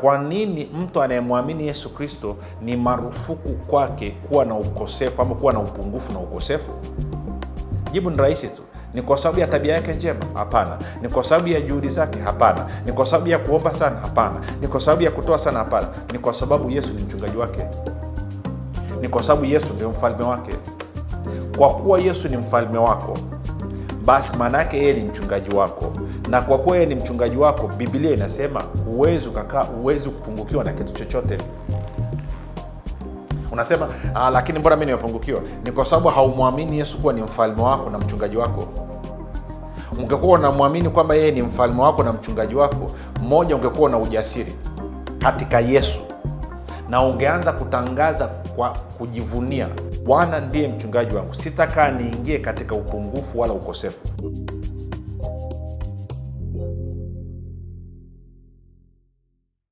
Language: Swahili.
Kwa nini mtu anayemwamini Yesu Kristo ni marufuku kwake kuwa na ukosefu ama kuwa na upungufu na ukosefu? Jibu ni rahisi tu. Ni kwa sababu ya tabia yake njema? Hapana. Ni kwa sababu ya juhudi zake? Hapana. Ni kwa sababu ya kuomba sana? Hapana. Ni kwa sababu ya kutoa sana? Hapana. Ni kwa sababu Yesu ni mchungaji wake. Ni kwa sababu Yesu ndio mfalme wake. Kwa kuwa Yesu ni mfalme wako, basi maanaake yeye ni mchungaji wako, na kwa kuwa yeye ni mchungaji wako, bibilia inasema huwezi ukakaa, huwezi kupungukiwa na kitu chochote. Unasema ah, lakini mbona mi nimepungukiwa? Ni kwa sababu haumwamini Yesu kuwa ni mfalme wako na mchungaji wako. Ungekuwa unamwamini kwamba yeye ni mfalme wako na mchungaji wako, mmoja, ungekuwa na ujasiri katika Yesu na ungeanza kutangaza kwa kujivunia, Bwana ndiye mchungaji wangu, sitakaa niingie katika upungufu wala ukosefu.